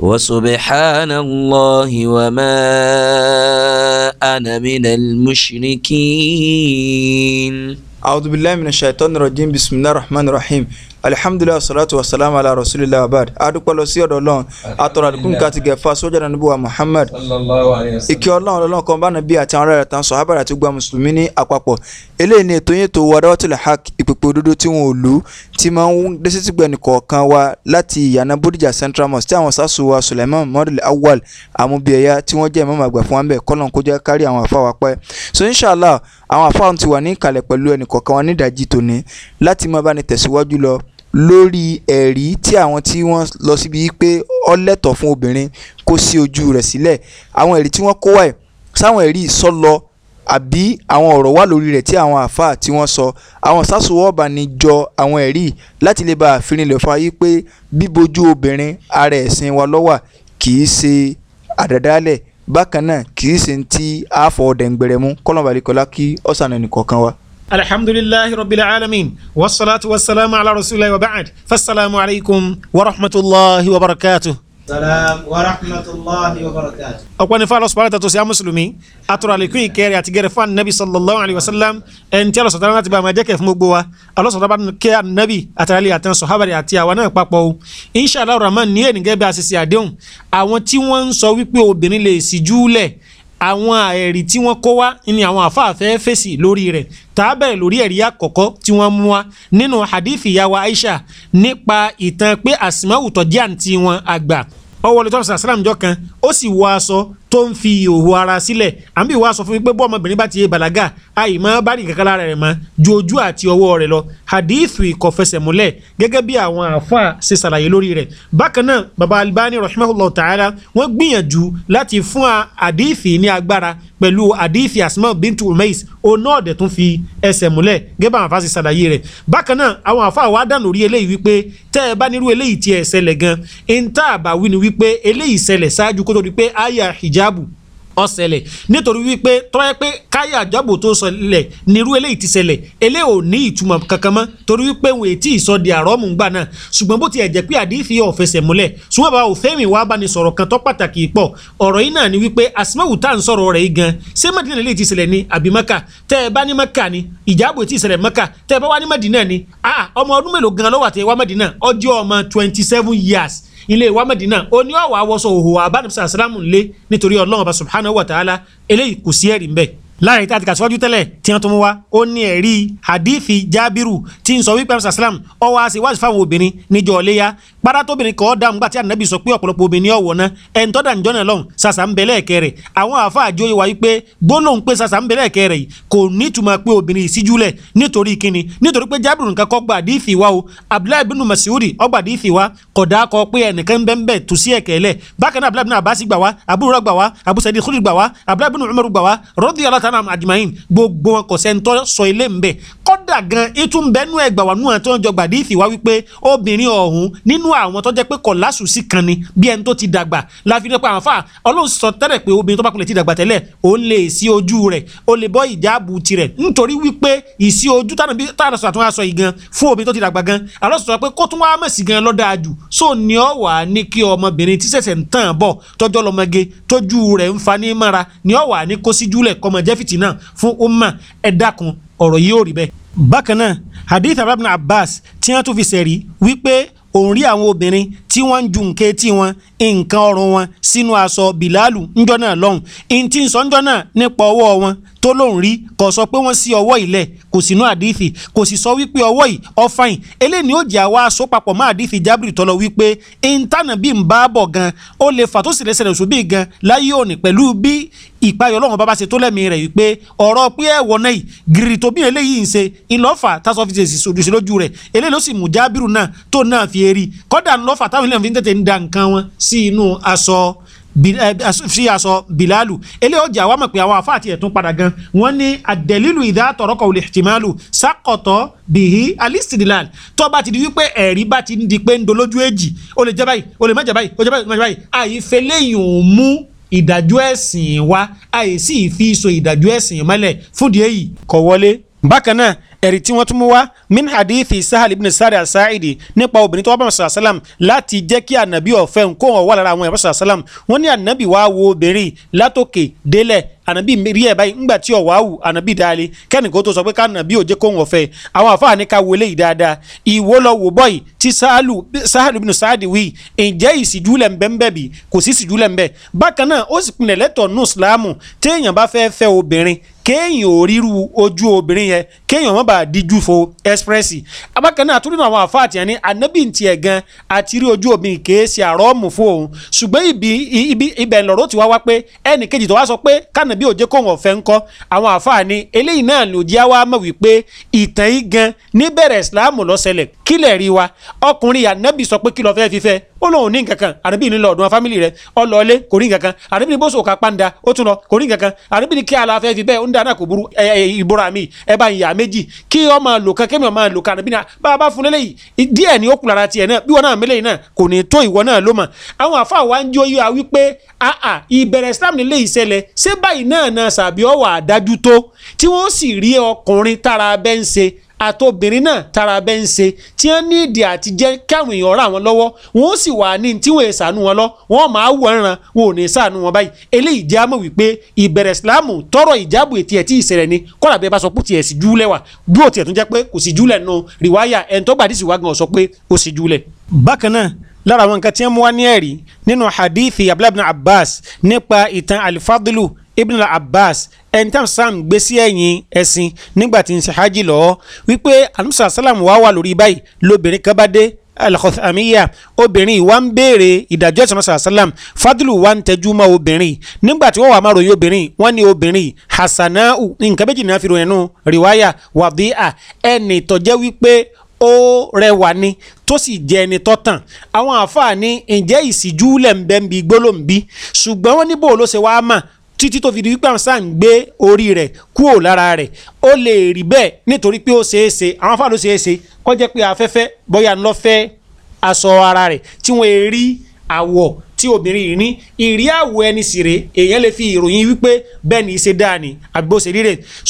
وسبحان الله وما أنا من المشركين أعوذ بالله من الشيطان الرجيم بسم الله الرحمن الرحيم alihamdulilayi salatu wa salam ala rasulillah abad adúpọ̀lọ sí ọ̀dọ̀ ọlọ́run atọ̀rọ̀ àdìkún ká ti gẹ̀fà sójà náà wa muhammad ìkẹ́ ọlọ́run ọlọ́run kan bá nà bí àti àwọn ará rẹ̀ tán sọ abàrà tí gba mùsùlùmí ní àpapọ̀ eléyìí ni ètò yín tó wọ adáwọ́tìlẹ̀ hak ìpèpè òdodo tí wọn ò lù tí ń dé sí tìgbẹ̀ni kọ̀ọ̀kan wa lati ìyànà bódìjà central mosque tí àwọn sásù wa suleiman mọ́dìlẹ̀ awal amúbíẹ̀yà tí wọ́n jẹ́ ìmọ̀ọ́mọ̀ àgbà fún wa ń bẹ̀ àwọn àfa wa pẹ́ so inshallah àwọn àfa ti wà ní ìkàlẹ̀ pẹ̀lú ẹnì kọ̀ọ̀kan wa nídàájí tòní láti máa bá ní tẹ̀síwájú lọ lórí ẹ̀rí tí àwọn tí wọ́n lọ síbi pé ó lẹ́tọ̀ọ́ fún obìnrin kó ṣí ojú rẹ̀ sílẹ̀ àwọn ẹ̀rí tí wọ́n kó wá ẹ̀ sáwọn ẹ̀rí sọ́lọ àbí àwọn ọ̀rọ̀ wà lórí rẹ̀ tí àwọn àáfàá tí wọ́n sọ àwọn sásùwọ́ọ̀bà ni jọ àwọn ẹ̀rí láti lè bá àfihàn fún ayé pé bíbojú obìnrin ara ẹ̀sìn wa lọ́wà kì í ṣe àdàdálẹ̀ bákan náà kì í ṣe ti àfọ̀ọ́dẹ̀ngbẹ̀rẹ̀ mú kọ́lọ́ọ̀bà àlekọ́lá kí ọ̀sán ẹnì kọ̀ọ̀kan wa alhamdulillahi rabbil alamin wasalaatu wasalaamu ala rasulillahi wa ba'd fasalaamu alaykum wa rahmatulahi wa barakatuh. salaam wa rahmatulahi wa barakatuh. ọ̀pọ̀ ní fáwọn ọ̀sùpá látàtọ̀ sí a mùsùlùmí àtúrò àlékún ìkẹrẹ àti gẹrẹ fún anabi sallallahu alayhi wa sallam ẹni tí alọ́sọ̀tà láti bá a máa jẹ́ kẹ́ fún gbogbo wa alọ́sọ̀tà bá kẹ́ anabi àtàlẹ́ àtàn sọ̀hábàrẹ̀ àti àwa náà papọ̀ o inshallah rahman ní ẹ̀nìgẹ́ bí a ṣe ṣe àdéhùn àwọn tí wọ́n ń sọ wípé obìnrin lè ṣíjú àwọn ẹ̀rí tí wọ́n kó wá ni àwọn àfáàfẹ́ fèsì lórí rẹ̀ tààbẹ̀ lórí ẹ̀rí àkọ́kọ́ tí wọ́n mú wá nínú hadith ìyàwó Aisha nípa ìtàn pé Asma'u tó jẹ́ àǹtí wọn àgbà ọwọ́ lọ́tọ́ sàlám jọ kan ó sì wọ aṣọ tó ń fi òhò ara sílẹ̀ àmì ìwà sọ fún mi pé bọ́ ọmọbìnrin bá ti yé bàlágà àì máa bá ní kankan lára rẹ̀ mọ́ ju ojú àti ọwọ́ rẹ̀ lọ hadithu ìkọfẹsẹ̀múlẹ̀ gẹ́gẹ́ bí àwọn àáfàá ṣe ṣàlàyé lórí rẹ̀ bákan náà baba albani rahimahullah ta'ala wọ́n gbìyànjú láti fún hadithi ní agbára pẹ̀lú hadithi asma bintu umais oná ọ̀dẹ̀ tún fi ẹsẹ̀ múlẹ̀ gẹ́gẹ́ bá àwọn àáfàá ṣe ṣàlàyé wa dànù rí eléyìí wípé tẹ́ ẹ bá nírú eléyìí tiẹ̀ ṣẹlẹ̀ gan-an ń tà àbáwí ni wípé eléyìí ṣẹlẹ̀ ṣáájú kó hijabu ọ̀sẹ̀lẹ̀ nítorí wípé tọ́yẹ pé káyà àjábò tó sọlẹ̀ nírú eléyìí ti ṣẹlẹ̀ eléyìí ò ní ìtumọ̀ kankan mọ́ torí wípé òun ètí ìsọdẹ àrọ́mù ń gbà náà ṣùgbọ́n bó tiẹ̀ jẹ́ pé àdìsí yóò múlẹ̀ ṣùgbọ́n bá òfẹ́mi wàá bá ní sọ̀rọ̀ kan tó pàtàkì pọ̀ ọ̀rọ̀ yìí náà ni wípé àsìmọ́wù tá à ń sọ̀rọ̀ rẹ̀ yìí gan ṣé Mádínà eléyìí ti ṣẹlẹ̀ ni àbí Mákà tẹ́ ẹ bá ní Mákà ni ìjábò tí twenty seven years ilé wa Madina oní ọ̀wà awọ́sọ òhò àbánibísà sàlámù lé nítorí Ọlọ́run ọba subhanahu wa ta'ala eléyìí kò sí ẹ̀rí mbẹ́ẹ̀ láàrin tí a ti kà síwájú tẹ́lẹ̀ tí wọ́n tún mú wa ó ní ẹ̀rí hadithi jabiru tí ń sọ wípé ẹ̀mí sàsílám ọwọ́ àṣẹ ìwádìí fáwọn obìnrin níjọ ọ̀lẹ́yà pátá tóbìnrin kọ́ dáhùn gbà tí ànábì sọ pé ọ̀pọ̀lọpọ̀ obìnrin ọ̀wọ̀ náà ẹ̀ń tọ́da ìjọ náà lọ́hùn sàṣà ń bẹ̀lẹ̀ ẹ̀kẹ́ rẹ̀ àwọn àáfàá àjọ yìí wá wípé gbólóhùn pé sàṣà ń bẹ̀lẹ̀ ẹ̀kẹ́ rẹ̀ kò nítumọ̀ pé obìnrin ìsíjú lẹ̀ nítorí kíni nítorí pé jábìrù nǹkan kọ́ gbà dí ìfìwá o abdullahi bin masudi ọgbà dí ìfìwá kódà kọ pé ẹnìkan ń bẹ́ẹ̀ tù sí ẹ̀kẹ́ lẹ̀ bákan náà abdullahi bin abbas gbà wá sálàm àdìmáyìn gbogbo wọn kò sẹ́ńtọ́ sọ ilé ń bẹ̀ kọ́dà gan itún bẹ́nu ẹgbà wà núhàn tó ń jọ gbàdí ìfìwá wípé obìnrin ọ̀hún nínú àwọn tó jẹ́ pé kò lásù sí kan ni bí ẹni tó ti dàgbà láfi ní pé àwọn afá ọlọ́run sọ tẹ́lẹ̀ pé obìnrin tó bá kulẹ̀ ti dàgbà tẹ́lẹ̀ ó lè sí ojú rẹ̀ ó lè bọ́ ìjáàbù tirẹ̀ nítorí wípé ìsí ojú táwọn sọ so ni ọ wà ní kí ọmọbìnrin tí ṣẹ̀ṣẹ̀ ń tàn bọ̀ tọ́jọ́ lọ́mọge tójú rẹ̀ ń fa ní benefit náà fún umma ẹ dákun ọ̀rọ̀ yìí ò rí bẹ́ẹ̀. bákan náà hadith ibn abbas tí wọ́n tún fi sẹ̀rí wípé òun rí àwọn obìnrin tí ju nǹkan etí wọn nǹkan ọrùn wọn sínú aṣọ bìláàlù ńjọ́ náà lọ́hùn ìntì ń sọ ńjọ́ náà nípa ọwọ́ tó lóun rí kò sọ pé wọ́n sí ọwọ́ ilẹ̀ kò sínú àdìsí kò sì sọ wípé ọwọ́ yìí ọfàìn eléyìí ó jẹ́ àwa aṣọ papọ̀ mọ́ àdìsí jábìrì tọ́lọ wípé ìntànà bíi ń bá bọ̀ gan ó lè fà tó sì lè ṣẹlẹ̀ sóbì gan láyé òní pẹ̀lú bí ìpayọ̀ ọlọ́run bá bá ṣe tó lẹ́mìí rẹ̀ wípé ọ̀rọ̀ pé ẹ̀wọ̀ náà gírì tó bí eléyìí ń ṣe ńlọ́fà táṣọ fi ṣèṣì sòdùsí lójú rẹ̀ eléyìí ló sì mú jábìrù náà tó náà fi eré kọ́dà ńlọ́fà táwọn ilé Eh, fi aṣọ bilalu eléyìí ọjà wa mọ̀ pé àwọn àfa àti ẹ̀tún padà gan wọ́n ní àdẹ̀lílù ìdá tọ̀rọ̀kọ̀ olè tìmálù sákọ̀tọ̀ bìhí alistidilal tó bá ti di wípé ẹ̀rí bá ti di pé ń dolójú èjì o lè jẹ́ báyìí o lè má jẹ́ báyìí o jẹ́ báyìí o má jẹ́ báyìí àyífẹ́ lẹ́yìn ò mú ìdájọ́ ẹ̀sìn wa àyè sì fi ìdájọ́ ẹ̀sìn mọ́lẹ̀ fúndìí ẹ̀rí tí wọ́n tún mú wá min hadithi sahal ibn sari asaidi nípa obìnrin tó wá bàmà sàlám láti jẹ́ kí ànàbí ọ̀fẹ́ nkóhàn wà lára àwọn ẹ̀rọ sàlám wọ́n ní ànàbí wá wo obìnrin látòkè délẹ̀ ànábì rí ẹ̀ báyìí ńgbà tí ọ̀wá wù ànábì dáálé kẹ́nìkó tó sọ pé kánàbì òjé kó wọn fẹ́ àwọn àfáà ní ká wọlé yìí dáadáa ìwọ lọ wò bọ́yì tí sáàlù sáàlù bínú sáàdì wí ǹjẹ́ ìsìjú lẹ̀ ń bẹ́ ń bẹ́ bì kò sí ìsìjú lẹ̀ ń bẹ́ bákan náà ó sì pinnu ẹ̀lẹ́tọ̀ nù sílámù téèyàn bá fẹ́ fẹ́ obìnrin kéèyàn ò ríru ojú obìnrin yẹn kéèyàn má bàa díjú fo ẹ́sprẹ́sì abákan náà àtúndínà àwọn àfa àtìyàn ní ànábì ntì ẹ̀ gan àti rí ojú obìnrin kèé ṣe àrọ́ọ̀mù fún òun ṣùgbọ́n ibẹ̀ ńlọrọ̀ ti wá wá pé ẹnì kejì tó wá sọ pé kánàb tàbí òjé kò wọ́n fẹ́ ń kọ́ àwọn àfáà ni eléyìí náà lòdì àwa mọ̀ wípé ìtàn yìí gan níbẹ̀rẹ̀ ìsìláàmù ló ṣẹlẹ̀ kílẹ̀ rí wa ọkùnrin ànábì sọ pé kí lọ́ọ́ fẹ́ fífẹ́ ó lóun ní nǹkan kan ànábì ní lọ́ọ̀dún fámìlì rẹ̀ ọlọ́ọ̀lé kò rí nǹkan kan ànábì ní bó sòkà pàǹdà ó tún lọ kò rí nǹkan kan ànábì ní kí ala fẹ́ fi bẹ́ẹ̀ ń dáná kò burú ìbúra mi ẹ bá ìyá méjì kí ọ máa lò kan kémi ọ máa lò kan ànábì ní bá a bá fún lélẹ́yìí díẹ̀ ni ó kù lára tiẹ̀ náà bí wọn náà mélèyìn náà kò ní tó ìwọ náà ló mọ̀ àwọn àfa wa ń jó yíwa wípé àà ìbẹ̀rẹ̀ Islam nílé ìṣẹ̀lẹ̀ ṣé báyìí náà náà sàbí ọ̀wà àdájú tó tí wọ́n sì rí ọkùnrin tára abẹ́ ń ṣe àtobìnrin náà tara bẹ́ ń ṣe tí wọ́n ní ìdí àti jẹ́ káwọn èèyàn ra wọn lọ́wọ́ wọ́n sì wà ní tí wọ́n ṣàánú wọn lọ wọ́n máa wọ̀ ẹ̀ràn wọn ò ní ṣàánú wọn báyìí eléyìí jẹ́ àmọ́ wípé ìbẹ̀rẹ̀ sílámù tọrọ ìjábù ètí ẹ̀ tí ìṣẹ̀rẹ̀ ni kọ́ra bẹ́ẹ̀ bá sọ pé tiẹ̀ sì júlẹ̀ wà bí ó tiẹ̀ tún jẹ́ pé kò sì júlẹ̀ nù rìwáyà ẹni hadithi abdullahi abbas nípa ìtàn alifadulu ibn abbas ẹni tam sam gbé sí ẹ̀yìn ẹ̀sìn nígbà tí ń ṣe hajj lọ́ọ́ wípé anusa salam wá wà lórí báyìí lóbìnrin kan bá dé alakọsamiya obìnrin wa ń béèrè ìdájọ́ ìsọ̀nà sàlám fadlu wa ń tẹjú mọ́ obìnrin nígbà tí wọ́n wà máa ròyìn obìnrin wọ́n ní obìnrin hasanau nǹkan méjì ní wọ́n fi riwaya wàdíà ẹnì tọ́jẹ́ wípé ó rẹwà ni tó sì jẹ́ ẹni tọ́tàn àwọn àfáà ní ǹjẹ́ ìsìjú lẹ̀ ń bẹ́ ń bi gbólóǹbí ṣùgbọ́n wọ́n ní ló ṣe wá mà títí tó fi di wípé àwọn sáà ń gbé orí rẹ̀ kúrò lára rẹ̀ ó lè rí bẹ́ẹ̀ nítorí pé ó ṣeé ṣe àwọn afáàlú ṣeé ṣe kó jẹ́ pé afẹ́fẹ́ bóyá ńlọ fẹ́ aṣọ ara rẹ̀ tí wọ́n rí àwọ̀ tí obìnrin yìí ní ìrí àwọ̀ ẹni sì rè èèyàn lè fi ìròyìn wípé bẹ́ẹ̀ ni ìṣe dáa ni àbí bó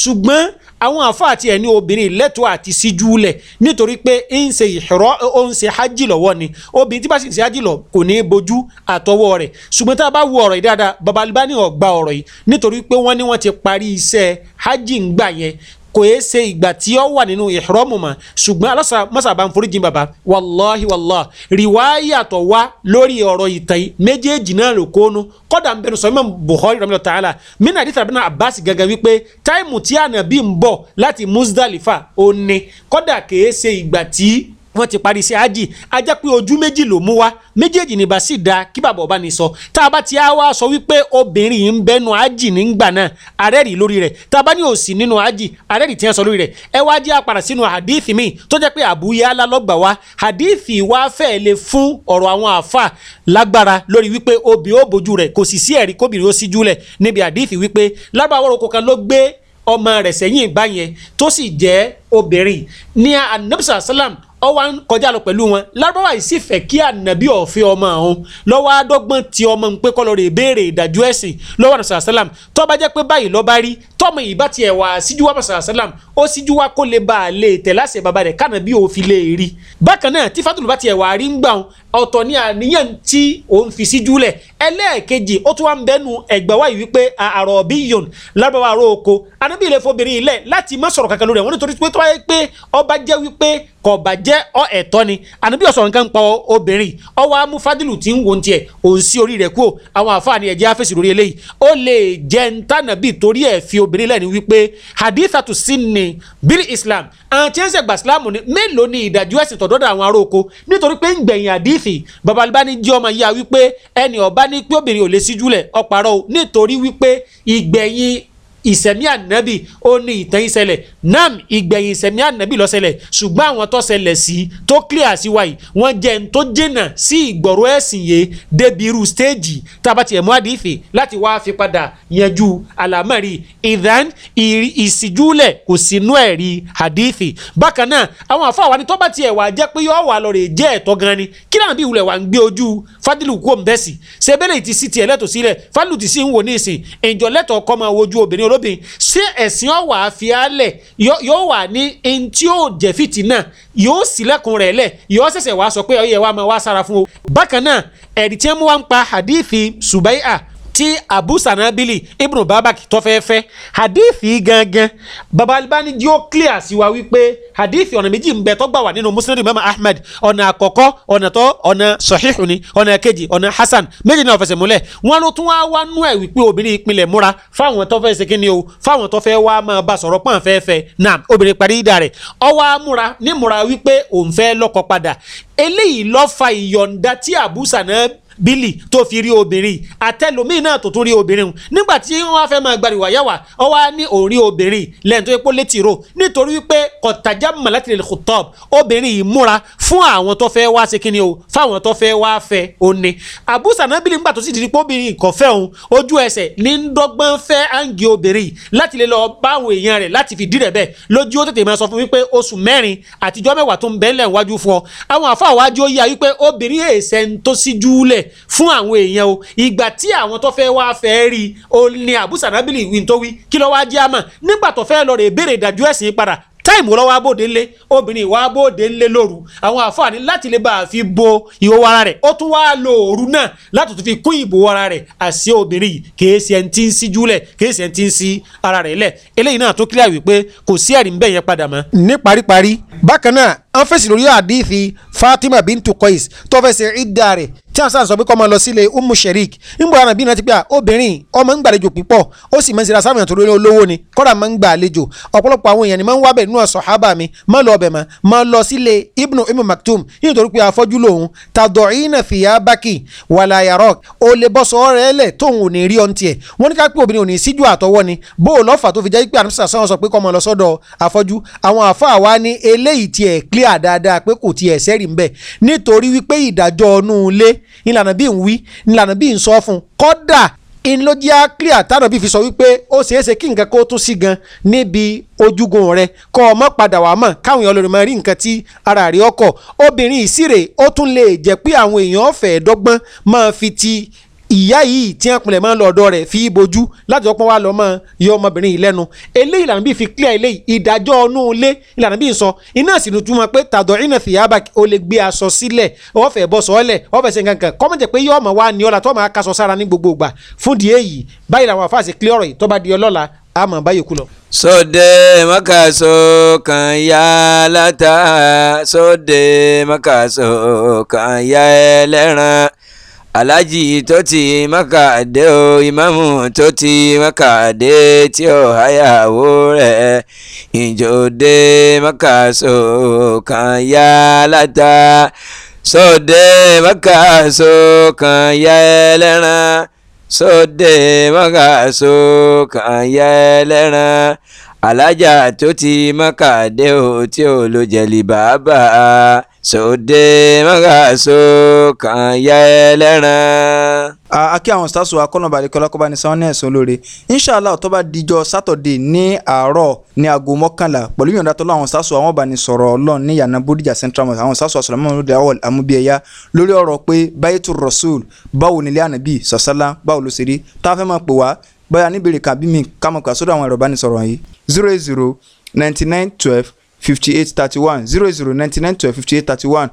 ṣùgbọ́n àwọn àfáà tiẹ̀ ní obìnrin lẹ́tọ̀ọ́ àti síjúlẹ̀ nítorí pé ń ṣe ìṣòro ó ń ṣe hajj lọ́wọ́ ni obìnrin tí bá sì ń ṣe hajj lọ kò ní í bojú àtọwọ́ rẹ̀ ṣùgbọ́n tá a bá wo ọ̀rọ̀ yìí dáadáa babalibá ní ọ̀rọ̀ yìí nítorí pé wọ́n ní wọ́n ti parí iṣẹ́ hajj ń gbà yẹn kò yé ṣe ìgbà tí ó wà nínú ìhrọ́mù mọ́ ṣùgbọ́n alásà mọ́sàbá ń foríjì bàbá wàláhi wàláhi rìwáyà tó wá lórí ọ̀rọ̀ ìtàn méjèèjì náà ló kónú kọ́dà ń bẹnu sọ Imam Bukhari rahmanahu ta'ala min hadith Ibn Abbas gangan wípé táìmù tí ànábì ń bọ̀ láti Muzdalifa ó ní kọ́dà kèé ṣe ìgbà tí wọ́n ti parí sí ájì ajá pé ojú méjì ló mú wá méjèèjì ní bá sì da kí bàbá ọba ní sọ tá a bá ti á wá sọ wípé obìnrin yìí ń bẹnu ájì nígbà náà arẹ́rì lórí rẹ̀ tá a bá ní òsì nínú ájì arẹ́rì tí wọ́n sọ lórí rẹ̀ ẹ wá jẹ́ àpàrà sínú hadithi mi tó jẹ́ pé àbúyá alálọ́gbà wa hadithi wa fẹ́ lè fún ọ̀rọ̀ àwọn àfà lágbára lórí wípé obì ó bojú rẹ̀ kò sì sí ẹ̀rí kóbìnrin ó hadithi wípé lábàáwọ̀ orúkọ kan ló gbé ọmọ rẹ̀ sẹ́yìn ìgbà yẹn tó salam ọ wá ń kọjá lọ pẹ̀lú wọn lárúbáwá yìí sì fẹ́ kí ànàbí ọ̀fẹ́ ọmọ ọ̀hún lọ́wọ́ adọ́gbọ́n ti ọmọ ń pé kọ́lọ́ rè béèrè ìdájọ́ ẹ̀sìn lọ́wọ́ àdàsà sálàm tó bá jẹ́ pé báyìí lọ́ba rí tọ́mọ yìí bá tiẹ̀ wá síjú wá àdàsà sálàm ó síjú wá kó lè ba àlè tẹ̀ láṣẹ bàbá rẹ̀ kànàbí òfin lè rí bákan náà tí fatulu bá tiẹ̀ wá rí ń gbà ọ̀tọ̀ ni àníyàn tí òun fi síjú lẹ̀ ẹlẹ́ẹ̀kejì ó tún wá ń bẹnu ẹ̀gbẹ́ wáyé wípé àrọ̀ bíyọ̀n lábàbà àrò oko anábìyẹ̀lẹ̀ fobìnrin ilẹ̀ láti má sọ̀rọ̀ kankan lórí ẹ̀ wọ́n nítorí pé tó wáyé pé ọba jẹ́ wípé kò bá jẹ́ ọ ẹ̀tọ́ ni ànábì ọ̀sọ̀rọ̀ nǹkan pa obìnrin ọwọ́ amú fádìlù tí ń wo tiẹ̀ òun sí orí rẹ̀ kú àwọn àfáàní ẹ̀jẹ̀ àfẹ́sì lórí eléyìí ó lè jẹ́ ntànàbì torí ẹ̀ fi obìnrin lẹ́ni wípé hadithatu sinni bil islam àwọn tí ń islam ni mélòó ni ìdájọ́ ẹ̀sìn tọ̀dọ̀ àwọn ará oko nítorí pé ń gbẹ̀yìn hadithi babalibani jẹ́ ọmọ yíya wípé ẹni ọ̀bá ní pé obìnrin ò lè síjú lẹ̀ ọ̀pàrọ̀ ìsẹ̀mí ànábì ó ní ìtàn ìṣẹ̀lẹ̀ nam ìgbẹ̀yìn ìsẹ̀mí ànábì ló ṣẹlẹ̀ ṣùgbọ́n àwọn tó ṣẹlẹ̀ sí tó clear sí wa yìí wọ́n jẹ́ ń tó jìnnà sí ìgbọ̀rọ̀ ẹ̀sìn yìí débi irú stéèjì tába tiẹ̀ mú àdìfẹ́ láti wá fi padà yanjú àlámọ̀rí ìdán ìsìjúlẹ̀ kò sínú ẹ̀rí àdìfẹ́ bákan náà àwọn àfọ àwa tó bá tiẹ̀ wà jẹ́ pé yọ wà lọ́rẹ̀ fadilu kú òǹbẹ́sì ṣe bẹ́lẹ̀ ti sí tiẹ̀ lẹ́tọ̀ sílẹ̀ fadilu ti sí ń wò olóbìn ṣé ẹ̀sìn ọ̀wà àfiálẹ̀ yóò wà ní ẹni tí yóò jẹ́ fìtì náà yóò sì lẹ́kùn rẹ̀ lẹ̀ yóò ṣẹ̀ṣẹ̀ wá sọ pé ọyẹ wa máa wá sára fún o. bákan náà ẹ̀rí tí wọ́n mú wá ń pa hadithi subai'a tí abu sanabili ibnu babak tó hadithi gangan baba albani jí ó clear sí wa wípé hadithi ọ̀nà méjì ń bẹ tó gbà wá muslim imam ahmed ọ̀nà àkọ́kọ́ ọ̀nà tó ọ̀nà sahihu ni ọ̀nà kejì ọ̀nà hasan méjì náà fẹsẹ̀ múlẹ̀ wọn ló tún wá wá nú ẹ̀ wípé obìnrin ìpìlẹ̀ múra fáwọn tó fẹ́ o fáwọn tó fẹ́ wá máa bá sọ̀rọ̀ pọ́n fẹ́ fẹ́ náà obìnrin parí ìdá rẹ̀ ọwọ́ amúra ní múra wípé òun fẹ́ lọ́kọ padà eléyìí ló fa ìyọ̀ǹda tí abu sanabili bílì tó fi rí obìnrin àtẹlómìn náà tó tún rí obìnrin o nígbà tí wọ́n fẹ́ máa gbàrìwà yá wa ọ wá ní òrí obìnrin lẹ́yìn tó yẹ pé létí ro nítorí wípé kọ̀tàjà mọ̀lẹ́tì lè kùtọ́b obìnrin yìí múra fún àwọn tó fẹ́ wá ṣe kíni o fáwọn tó fẹ́ wá fẹ́ òní àbúsànábìlì ńgbà tó sì di pé obìnrin kò fẹ́ òun ojú ẹsẹ̀ ní ń dọ́gbọ́n fẹ́ áǹgì obìnrin láti lè lọ bá àwọn èèyàn rẹ̀ láti fi dírẹ̀ bẹ́ẹ̀ lójú ó tètè máa sọ fún mi pé oṣù mẹ́rin àtijọ́ mẹ́wàá tó ń bẹ́ńlẹ̀ wájú fún ọ àwọn àfáà ó yá wípé obìnrin èèṣẹ́ ń tó síjú lẹ̀ fún àwọn èèyàn o ìgbà tí àwọn tó fẹ́ wá fẹ́ rí o ní àbúsànábìlì ìwìntówí kí ló wá jẹ́ àmọ́ nígbà tó fẹ́ lọ rè béèrè ìdájọ́ ẹ̀sìn padà táìmù lọ́wọ́ abóde ńlé obìnrin ìwà abóde ńlé lóru àwọn àǹfààní láti lè bá a fi bo ìhòòhò ara rẹ̀ ó tún wá lo òru náà láti tún fi kún ìbò ara rẹ̀ àṣé obìnrin yìí kìí ṣe ẹni tí ń sí júlẹ̀ kìí ṣe ẹni tí ń sí ara rẹ̀ lẹ̀ eléyìí náà tó kílíà wípé kò sí ẹ̀rí ń bẹ̀ padà mọ́. ní paríparí bákan náà an fèsì lórí àdìsí Fatima bintu Qais tó fẹ́ ṣe ìdá rẹ̀ tí àwọn sọ pé kọ́ máa lọ sílé umu sherik nbọ̀rọ̀ àná bí iná ti pé ah, obìnrin ọmọ ń gbàlejò púpọ̀ ó sì máa ń sira sáwọn ìtòlóyún olówó ni kọ́ra máa ń gbàlejò ọ̀pọ̀lọpọ̀ àwọn èèyàn ni máa ń wábẹ̀ nínú sàhábà mi máa lọ ọbẹ̀ mọ́ máa lọ sílé ibnu ibnu maktum nítorí pé afọ́jú lòun tadọ̀ọ́yìnà fìyà bákì wàlà yàrá o lè bọ́ sọ ọ́rẹ́ ẹlẹ̀ tóun ò clear dáadáa pé kò ti sẹ́rì ń bẹ̀ nítorí wípé ìdájọ́ ọ̀nù ilé ìlànà nlanabi ń wí ìlànà bí ń sọ fún kọ́dà in ló jẹ́ clear fi sọ wípé ó ṣeéṣe kí nǹkan kó tún sí gan níbi ojúgun rẹ kọ́ ọ padà wá mọ̀ káwọn èèyàn lórí máa rí nǹkan tí ara rẹ̀ ọkọ̀ obìnrin ìsírè ó tún lè pé àwọn fi ti ìyá yìí tí wọn pinlẹ̀ máa ń lọ ọ̀dọ́ rẹ̀ fi bojú láti ọpọ́n wa lọ́mọ yọ ọmọbìnrin yìí lẹ́nu eléyìí lànà bíi fi clear eléyìí ìdájọ́ ọnú ilé ìlànà bíi sọ iná sì nu túmọ̀ pé tàdọ̀ iná fi yaba o lè gbé aṣọ sílẹ̀ ọ̀fẹ́ bọ́ sọ́ọ́lẹ̀ ọ̀fẹ́ sẹ́yìn kankan kọ́mọ̀jẹ̀ pé yọ ọmọ wa ni ọ̀la tó máa kaṣọ sára ní gbogbo ìgbà fún di èyí báyìí làwọn afáàsì clear ọ̀rọ̀ yìí tó bá di ọlọ́la a mọ̀ báyìí kú lọ. sóde mọ́kàsó kan yá látà sóde mọ́kàsó kan yá ẹlẹ́ran alhaji tó ti maka o ìmáàmù tó ti maka àdé tí ó háyàwó rẹ̀ ìjòdè maka sọ̀kan yá látà sọ̀dẹ̀ maka sọ̀kan yá ẹlẹ́ran sọ̀dẹ̀ maka sọ̀kan yá ẹlẹ́ran alájà tó ti maka o tí ó lo jẹ̀lì bàbà sòde mọ́gàsó kàn yá ẹlẹ́ran. akí àwọn stars wa kọ́nà balẹ̀ kọ́lá kọ́ba ní sanwó ní ẹ̀sán lóore inshàlá tó bá dijọ́ sátọ̀dé ní àárọ̀ ní aago mọ́kànlá pẹ̀lú yọ̀ǹda tọ́lá àwọn stars wa wọ́n bá ní sọ̀rọ̀ ọlọ́run ní yànnà bódìjà central mosque àwọn stars wa sọ̀rọ̀ mọ́mọ́ lóde awọ́l amúbíyẹyà lórí ọ̀rọ̀ pé bayitu rasul báwo nílé ànábì sọ̀sálá báwo ló ṣe rí táwọn fẹ́ máa pè wá báyà níbèrè kàbí mi zero zero ninety nine twelve fifty eight thirty one zero zero ninety nine twelve fifty eight thirty one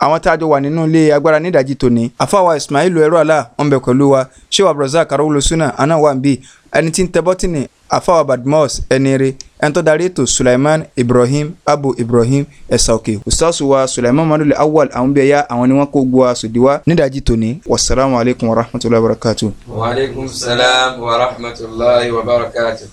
àwọn tá a jọ wà nínú ilé agbára nídàájí tòní àfàwà ismail ẹrọàlà ọ̀nbẹ pẹ̀lú wa ṣéwà brazil karolo suna aná wa ń bì ẹni tí ń tẹ bọ́tìnì àfàwà badmus ẹnire ẹni tó darí ètò sulaiman ibrahim abu ibrahim ẹ̀sà òkè ustaasu wa sulaiman madule awal àwọn bí ẹ̀yà àwọn ni wọ́n kó gbọ́ àsòdì wa nídàájí tòní wasalaamualeykum wa rahmatulahi wa barakatu. wa aleykum salaam wa rahmatulahi wa barakatu.